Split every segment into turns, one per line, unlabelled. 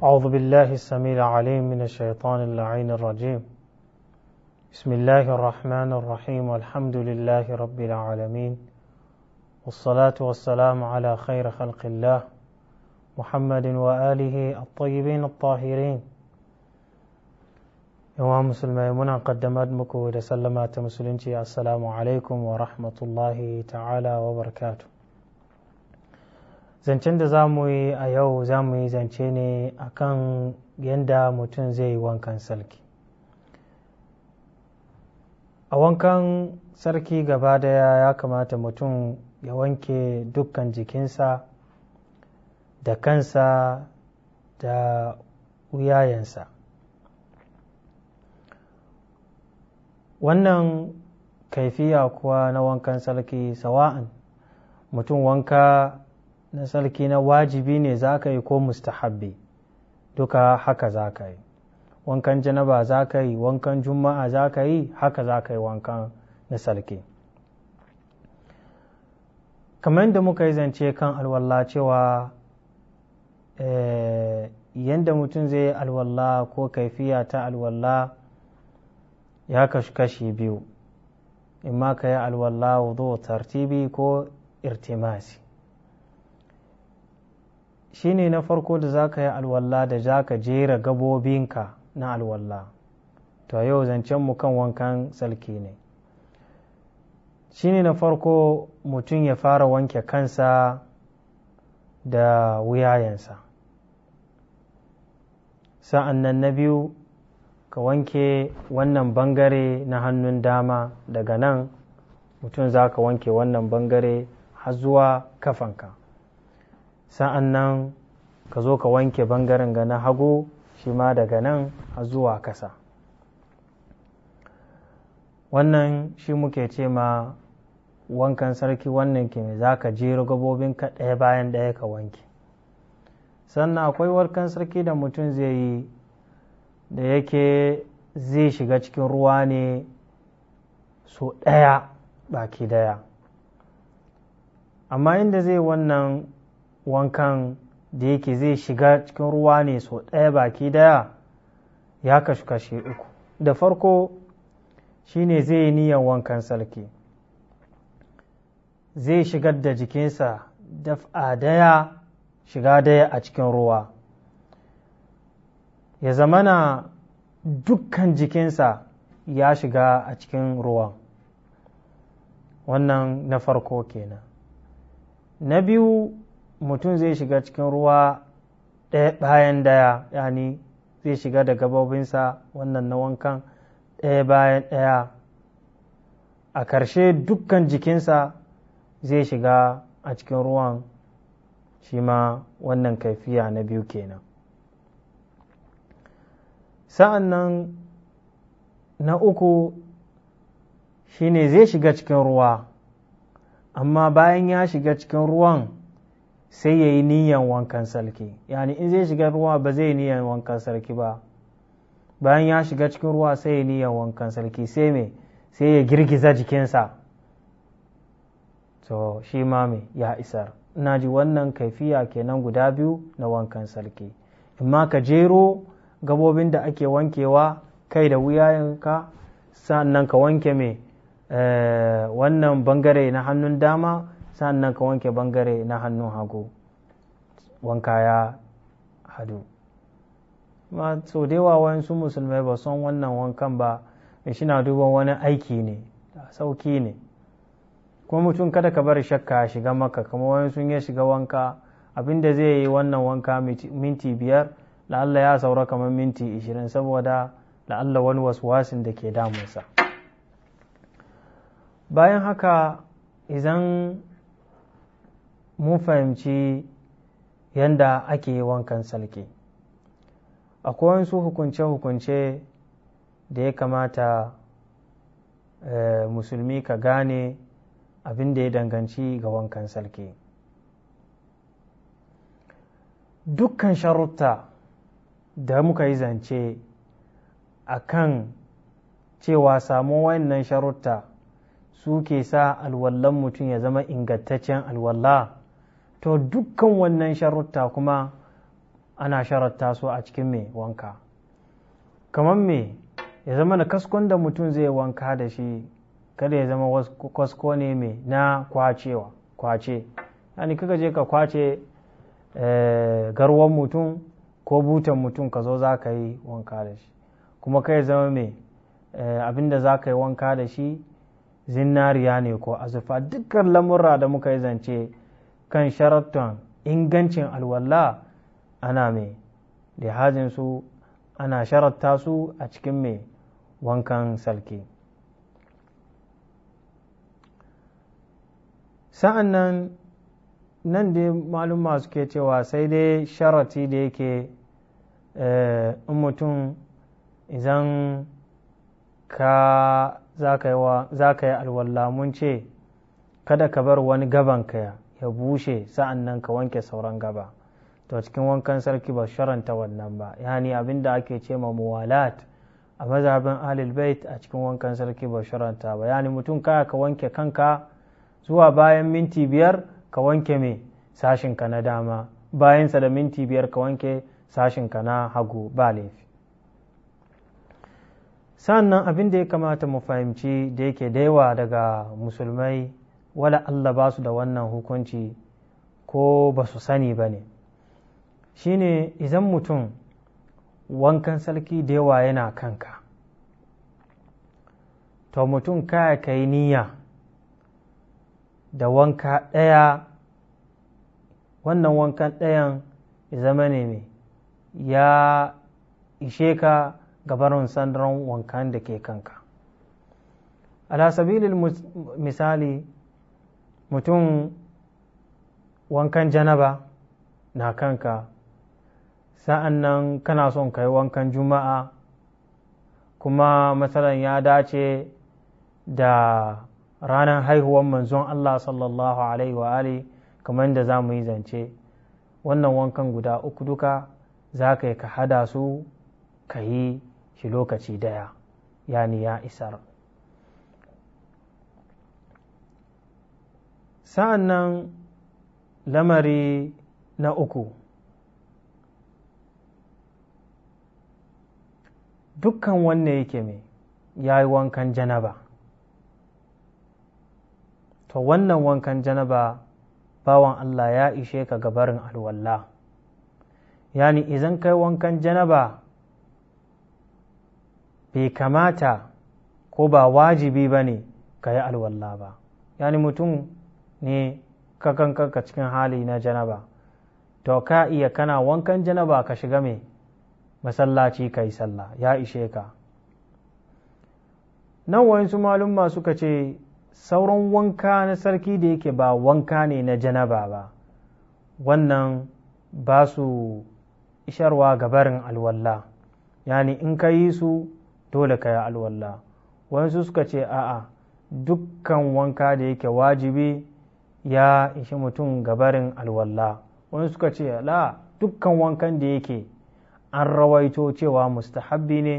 أعوذ بالله السميع العليم من الشيطان اللعين الرجيم بسم الله الرحمن الرحيم والحمد لله رب العالمين والصلاة والسلام على خير خلق الله محمد وآله الطيبين الطاهرين يوم مسلمين منا قدم أدمك ودسلمات مسلمتي السلام عليكم ورحمة الله تعالى وبركاته zancen da za mu yi a yau za mu yi zance ne akan yadda mutum zai yi wankan sarki a wankan sarki gaba daya ya kamata mutum ya wanke dukkan jikinsa da kansa da wuyayensa wannan kaifiya kuwa na wankan sarki sawa'an mutum wanka na sarki na wajibi ne za ka yi ko mustahabbi duka haka za ka yi wankan janaba za ka yi wankan juma'a za ka yi haka za ka yi wankan na sarki kamar da muka yi zance kan alwala cewa eh, yadda mutum zai yi alwalla ko kaifiya ta alwalla ya kashi kashi biyu imma ka yi alwalla wudu tartibi ko irtimasi Shi ne na farko da za ka yi alwalla da za ka jera gabobinka na alwalla to yau zancen mu kan wankan salki ne Shi ne na farko mutum ya fara wanke kansa da wuyayensa sa'an nan na biyu ka wanke wannan bangare na hannun dama daga nan mutum za ka wanke wannan bangare har zuwa kafanka sa'an nan ka zo ka wanke bangaren ga na hagu shi ma daga nan a zuwa kasa wannan shi muke ce ma wankan sarki wannan kimi za ka je jera ka ɗaya bayan ɗaya ka wanke sannan akwai wankan sarki da mutum zai yi da yake zai shiga cikin ruwa ne so ɗaya baki ɗaya, amma inda zai wannan wankan da yake zai shiga cikin ruwa ne sau ɗaya baki daya ya kashe kashe uku da farko shine zai yi niyan wankan sarki zai shigar da jikinsa daf'a daya shiga daya a cikin ruwa ya zamana dukkan jikinsa ya shiga a cikin ruwa wannan na farko kenan na biyu mutum zai shiga cikin ruwa ɗaya bayan daya yani zai shiga da gabobinsa wannan na wankan ɗaya bayan ɗaya a ƙarshe dukkan jikinsa zai shiga a cikin ruwan shi ma wannan kaifiya na biyu kenan sa'an nan na uku shine zai shiga cikin ruwa amma bayan ya shiga cikin ruwan sai ya yi niyan wankan sarki yani in zai shiga ruwa ba zai niyan wankan sarki ba bayan ya shiga cikin ruwa sai ya niyan wankan sarki sai me sai ya girgiza jikinsa to shi ma me ya isar ina ji wannan kaifiya kenan guda biyu na wankan sarki amma ka jero gabobin da ake wankewa kai da wuyayenka sannan ka wanke me eh, wannan bangare na hannun dama sannan ka wanke bangare na hannun hagu wanka ya hadu ma so da yawa wayansu musulmai ba son wannan wankan ba shi na duban wani aiki ne sauki ne kuma mutum kada ka bar shakka ya shiga maka kuma wayansu ya shiga wanka abinda zai yi wannan wanka minti biyar la'alla ya saura kamar minti ishirin saboda la'alla wani waswasin da ke damunsa bayan haka idan mun fahimci yadda ake yi wankan salke akwai wasu hukunce-hukunce da ya kamata eh, musulmi ka gane abin da ya danganci ga wankan salke dukkan sharutta da muka yi zance a kan cewa samu wayannan sharutta suke sa alwallon mutum ya zama ingantaccen alwallah to dukkan wannan sharutta kuma ana sharatta su a cikin mai wanka kamar me ya zama na kaskon da mutum zai wanka da shi kada ya zama kasko ne mai na kwacewa kwace yani kaka je ka kwace eh, garwan mutum ko butan mutum ka zo za ka yi wanka da shi kuma ya zama mai eh, abin da za ka yi wanka da shi zinariya ne ko azufa dukkan lamurra da muka yi zance kan sharattan ingancin alwalla ana mai lihajinsu ana sharatta su a cikin mai wankan salke sa'an nan nan dai masu suke cewa sai dai sharati da yake eh, in mutum izan ka za ka yi alwalla mun ce kada ka bar wani gaban kaya ya bushe sa'an nan ka wanke sauran gaba to cikin wankan sarki ba sharanta wannan ba yani abin da ake ce ma muwalat a mazhabin ahlul bait a cikin wankan sarki ba sharanta ba yani mutum kaya ka wanke kanka zuwa bayan minti biyar ka wanke me sashinka na dama bayansa da minti biyar ka wanke sashinka na hagu ba laifi sannan abin da ya kamata mu fahimci da yake da daga musulmai wala Allah ba su da wannan hukunci ko ba su sani ba ne shi ne idan mutum wankan sarki da yawa yana kanka to mutum kaya ka yi niyya da wanka ɗaya wannan wankan ɗayan zama ne mai ya ishe ka gabarin sandaran wankan da ke kanka ala misali mutum wankan janaba na kanka sa'an nan kana son ka wankan juma'a kuma matsalan ya dace da ranar haihuwar manzon Allah sallallahu alaihi wa ali kamar da za mu yi zance wannan wankan guda uku duka za ka yi ka hada su ka yi shi lokaci daya yani ya isar sa'an nan lamari na uku dukkan wanne yake mai ya yi wankan janaba to wannan wankan janaba bawan Allah ya ishe ka gabarin alwallah yani izan kai wankan janaba bai kamata ko ba wajibi ba ne ka yi alwallah ba yani mutum ne ka kankanka cikin hali na janaba to ka iya kana wankan janaba ka shiga mai masallaci ka yi sallah ya ishe ka nan wayansu malumma suka ce sauran wanka na sarki da yake ba wanka ne na janaba ba wannan ba su isharwa barin alwallah yani in ka yi su dole ka yi alwallah wayansu suka ce a'a dukkan wanka da yake wajibi ya ishi mutum gabarin alwalla wani suka ce la dukkan wankan da yake an rawaito cewa mustahabbi ne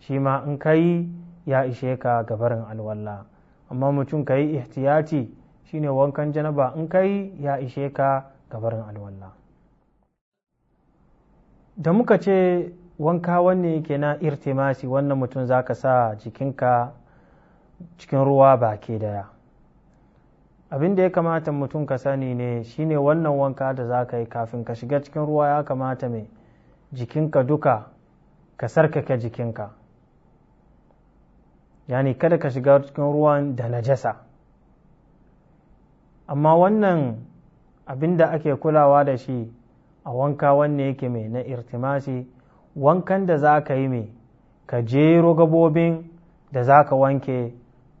shi ma in ka yi ya ishe ka gabarin alwalla amma mutum ka yi ihtiyati ne wankan janaba in ka yi ya ishe ka gabarin alwalla da muka ce wanka wanne yake na irtimasi wannan mutum za ka sa jikinka cikin ruwa ke daya abin da ya kamata mutum ka sani ne shine wannan wanka da za ka yi kafin ka shiga cikin ruwa ya kamata mai jikinka duka ka sarkake jikinka yani kada ka shiga cikin ruwan da najasa amma wannan abin da ake kulawa da shi a wanka wanne yake mai na irtimasi wankan da za ka yi mai ka jero gabobin da za ka wanke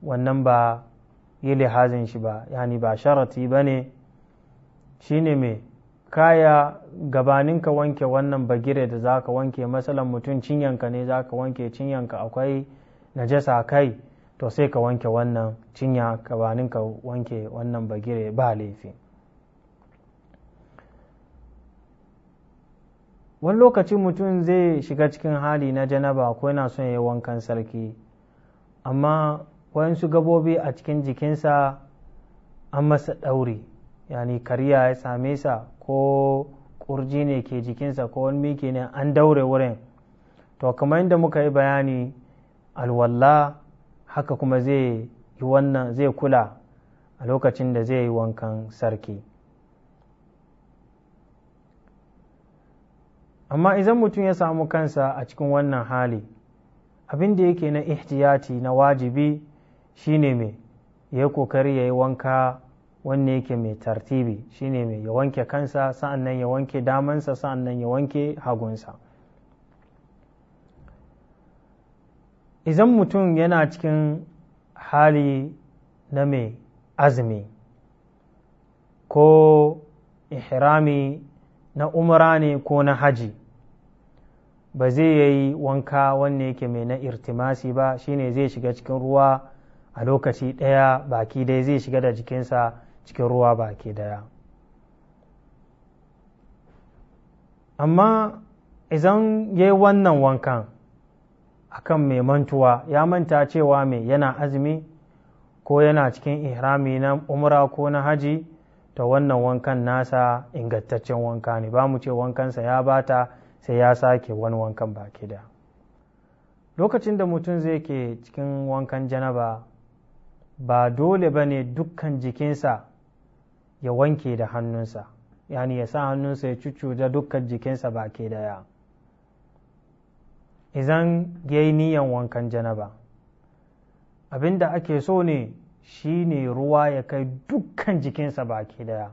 wannan ba yi lihazin shi ba yani ba sharati ba ne shi ne mai kaya gabanin ka wanke wannan bagire da za ka wanke matsalan mutum cinyanka ne za ka wanke cinyanka akwai najasa kai to sai ka wanke wannan cinya gabanin wanke wannan bagire ba laifi wani lokaci mutum zai shiga cikin hali na janaba ko yana son ya yi wankan sarki amma wayansu gabobi a cikin jikinsa an masa ɗauri yani kariya ya same sa ko ƙurji ne ke jikinsa ko wani miki ne an daure wurin to kamar yadda muka yi bayani alwalla haka kuma zai zai kula a lokacin da zai yi wankan sarki amma idan mutum ya samu kansa a cikin wannan hali abin da yake na ihtiyati na wajibi shine mai ya kokari ya yi wanka wanne yake mai tartibi shine mai ya wanke kansa sa'an nan ya wanke damansa sa'an nan ya wanke hagunsa Izan mutum yana cikin hali na mai azumi ko ihrami na umra ne ko na haji ba zai yi wanka wanne yake mai na irtimasi ba shine zai shiga cikin ruwa a lokaci ɗaya baki dai zai shiga da jikinsa cikin ruwa baki daya amma idan ya yi wannan wankan akan mai mantuwa ya manta cewa mai yana azumi ko yana cikin ihrami na umra ko na haji ta wannan wankan nasa ingantaccen wanka ne ba mu ce wankansa ya bata sai ya sake wani wankan baki da lokacin da mutum zai ke cikin wankan janaba ba dole ba ne dukkan jikinsa ya wanke da hannunsa yani ya sa hannunsa ya da dukkan jikinsa ba ke daya idan ya niyan wankan janaba abin da ake so ne shi ne ruwa ya kai dukkan jikinsa baki daya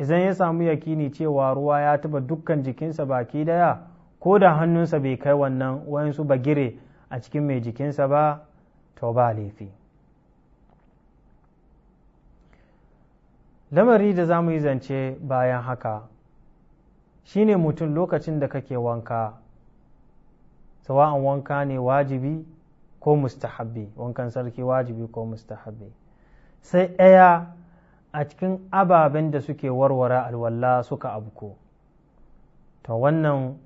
Izan ya samu yakini cewa ruwa ya taba dukkan jikinsa baki daya ko da hannunsa bai kai wannan wayansu bagire a cikin mai jikinsa ba to ba laifi lamari da za mu yi zance bayan haka shine mutum lokacin da kake wanka sawa'an wanka ne wajibi ko mustahabbi wankan sarki wajibi ko mustahabbi sai ɗaya a cikin ababen da suke warware alwala suka abko to wannan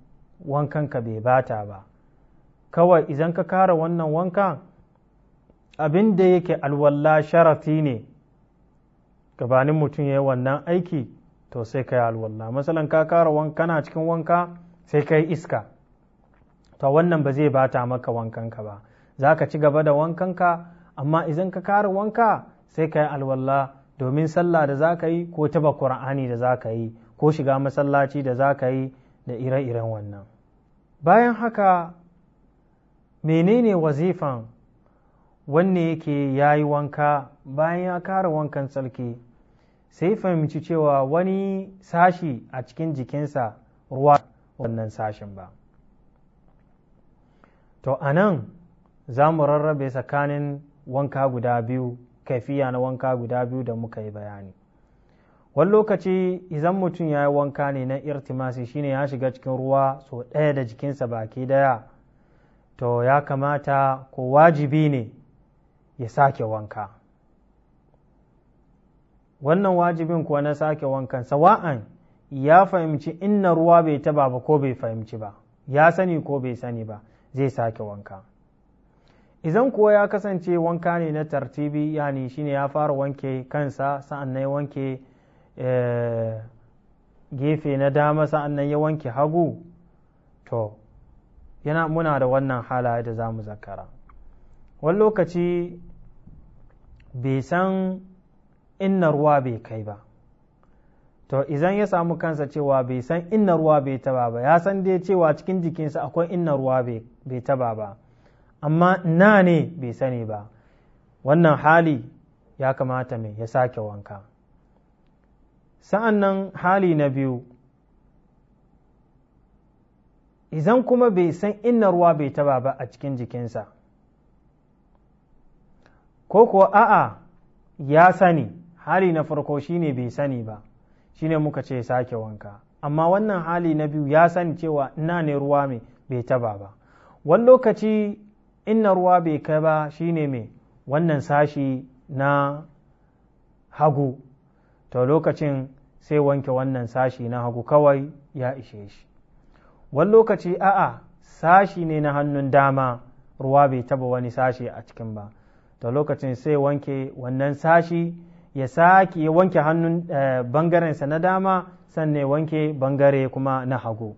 wankan ka bai bata ba kawai idan ka kara wannan wankan abin da yake alwala sharati ne gabanin mutum ya yi wannan aiki to sai ka yi alwallah masalan ka kara kana cikin wanka sai ka yi iska to wannan ba zai bata maka wankanka ba za ka ci gaba da wankanka amma idan ka kara wanka sai ka yi alwallah domin sallah da za ka yi ko taba qur'ani da za ka yi ko shiga masallaci da za ka yi da ire-iren wannan bayan haka menene wazifan wanne yake ya yi wanka bayan ya kara wankan tsarki sai fahimci cewa wani sashi a cikin jikinsa ruwa wannan sashin ba to a nan za mu rarrabe tsakanin wanka guda biyu kaifiya na wanka guda biyu da muka yi bayani wani lokaci idan mutum ya yi wanka ne na irtimasi shine ya shiga cikin ruwa so ɗaya da jikinsa baki daya to ya kamata ko wajibi ne ya sake wanka wannan wajibin kuwa na sake wankan sawa'an ya fahimci inna ruwa bai taba ba ko bai fahimci ba ya sani ko bai sani ba zai sake wanka idan kuwa ya kasance wanka ne na tartibi yani shine ya fara wanke kansa sa'an na ya wanke eh, gefe na dama sa'an ya wanke hagu to yana muna da wannan halaye da za mu zakara wani lokaci bai san inna ruwa bai kai ba to izan ya samu kansa cewa bai san inna ruwa bai taba ba ya san dai cewa cikin jikinsa akwai inna ruwa bai taba ba amma na ne bai sani ba wannan hali ya kamata mai ya sake wanka sa'an nan hali na biyu izan kuma bai san inna ruwa bai taba ba a cikin jikinsa ko ko a'a ya sani hali na farko shine bai sani ba shine muka ce sake wanka amma wannan hali na biyu ya sani cewa ina ne ruwa mai bai taba ba wani lokaci inna ruwa bai kai ba shine mai wannan sashi na hagu to lokacin sai wanke wannan sashi na hagu kawai ya ishe shi wani lokaci a'a sashi ne na hannun dama ruwa bai taba wani sashi a cikin ba to lokacin sai wanke wannan sashi ya sake wanke hannun eh, bangarensa na dama sannan ya wanke bangare kuma na hagu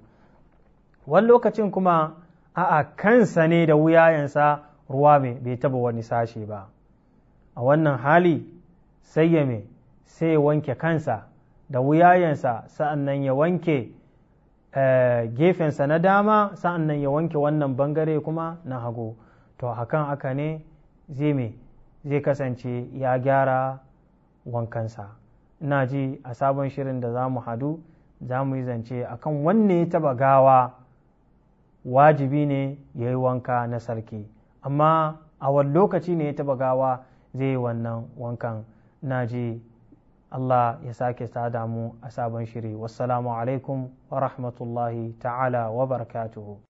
wani lokacin kuma a'a kansa ne da wuyayensa ruwa mai bai taba wani sashi ba a wannan hali sai ya mai sai wanke kansa da wuyayensa sa'annan ya wanke eh, gefensa na dama sa'annan ya wanke wannan bangare kuma na hagu to hakan aka ne Zime zai kasance ya gyara wankansa ina ji a sabon shirin da za mu hadu za mu yi zance a kan wanne ya taba gawa wajibi ne ya yi wanka na sarki amma a wani lokaci ne ya taba gawa zai yi wannan wankan na ji Allah ya sake sada mu a sabon shiri wassalamu alaikum wa rahmatullahi ta'ala wa barakatuhu